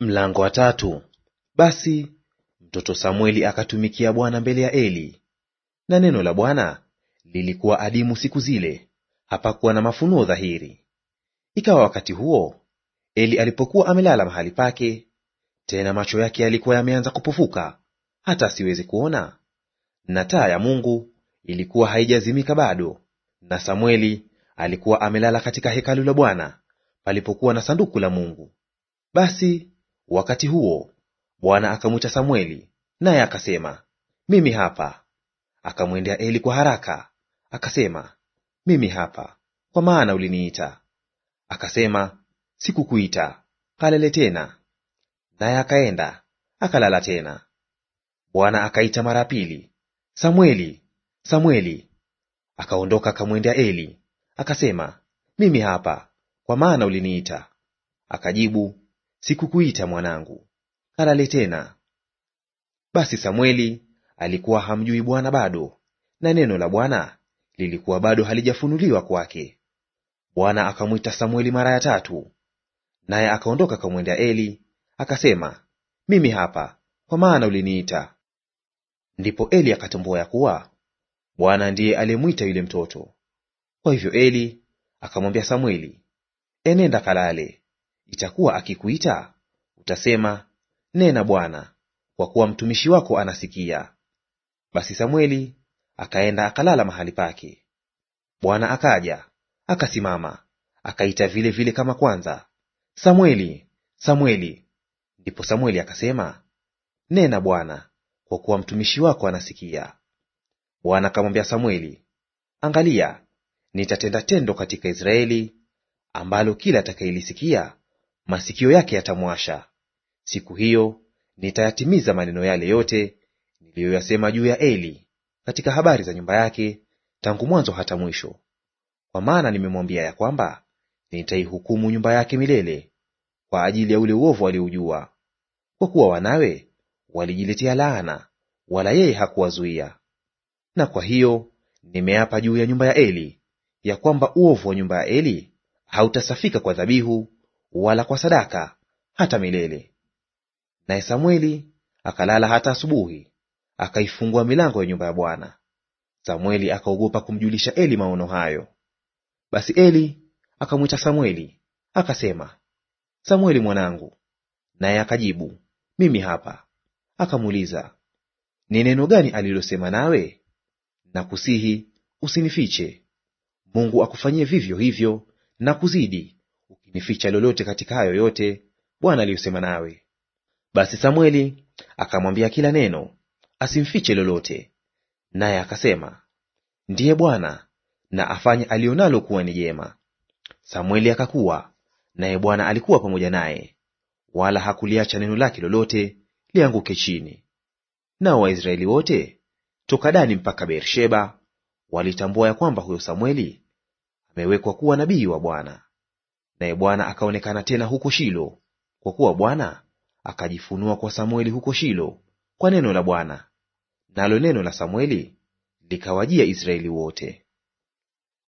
Mlango wa tatu. Basi mtoto Samueli akatumikia Bwana mbele ya Eli. Na neno la Bwana lilikuwa adimu siku zile, hapakuwa na mafunuo dhahiri. Ikawa wakati huo Eli alipokuwa amelala mahali pake, tena macho yake yalikuwa yameanza kupofuka hata asiweze kuona, na taa ya Mungu ilikuwa haijazimika bado, na Samueli alikuwa amelala katika hekalu la Bwana palipokuwa na sanduku la Mungu. Basi Wakati huo Bwana akamwita Samweli, naye akasema, mimi hapa. Akamwendea Eli kwa haraka, akasema, mimi hapa, kwa maana uliniita. Akasema, sikukuita, kalele tena. Naye akaenda akalala tena. Bwana akaita mara pili, Samweli, Samweli. Akaondoka akamwendea Eli, akasema, mimi hapa, kwa maana uliniita. Akajibu, Sikukuita mwanangu, kalale tena. Basi Samweli alikuwa hamjui Bwana bado, na neno la Bwana lilikuwa bado halijafunuliwa kwake. Bwana akamwita Samweli mara ya tatu, naye akaondoka akamwendea Eli akasema, mimi hapa, kwa maana uliniita. Ndipo Eli akatambua ya kuwa Bwana ndiye aliyemwita yule mtoto. Kwa hivyo Eli akamwambia Samweli, enenda kalale itakuwa akikuita, utasema nena, Bwana, kwa kuwa mtumishi wako anasikia. Basi Samweli akaenda akalala mahali pake. Bwana akaja akasimama, akaita vile vile kama kwanza, Samweli, Samweli. Ndipo Samweli akasema, nena, Bwana, kwa kuwa mtumishi wako anasikia. Bwana akamwambia Samweli, angalia, nitatenda tendo katika Israeli ambalo kila atakayelisikia masikio yake yatamwasha. Siku hiyo nitayatimiza maneno yale yote niliyoyasema juu ya Eli katika habari za nyumba yake tangu mwanzo hata mwisho, kwa maana nimemwambia ya kwamba nitaihukumu nyumba yake milele kwa ajili ya ule uovu aliujua. Kwa kuwa wanawe walijiletea laana, wala yeye hakuwazuia. Na kwa hiyo nimeapa juu ya nyumba ya Eli ya kwamba uovu wa nyumba ya Eli hautasafika kwa dhabihu wala kwa sadaka hata milele. Naye Samweli akalala hata asubuhi, akaifungua milango ya nyumba ya Bwana. Samweli akaogopa kumjulisha Eli maono hayo. Basi Eli akamwita Samweli akasema, Samweli mwanangu. Naye akajibu, mimi hapa. Akamuuliza, ni neno gani alilosema nawe? Nakusihi usinifiche. Mungu akufanyie vivyo hivyo na kuzidi, ukinificha lolote katika hayo yote Bwana aliyosema nawe. Basi samueli akamwambia kila neno, asimfiche lolote. Naye akasema, ndiye Bwana na afanye alionalo kuwa ni jema. samueli akakuwa, naye Bwana alikuwa pamoja naye, wala hakuliacha neno lake lolote lianguke chini. Nao Waisraeli wote toka Dani mpaka Beersheba walitambua ya kwamba huyo Samweli amewekwa kuwa nabii wa Bwana. Naye Bwana akaonekana tena huko Shilo, kwa kuwa Bwana akajifunua kwa Samueli huko Shilo kwa neno la Bwana. Nalo neno la Samueli likawajia Israeli wote.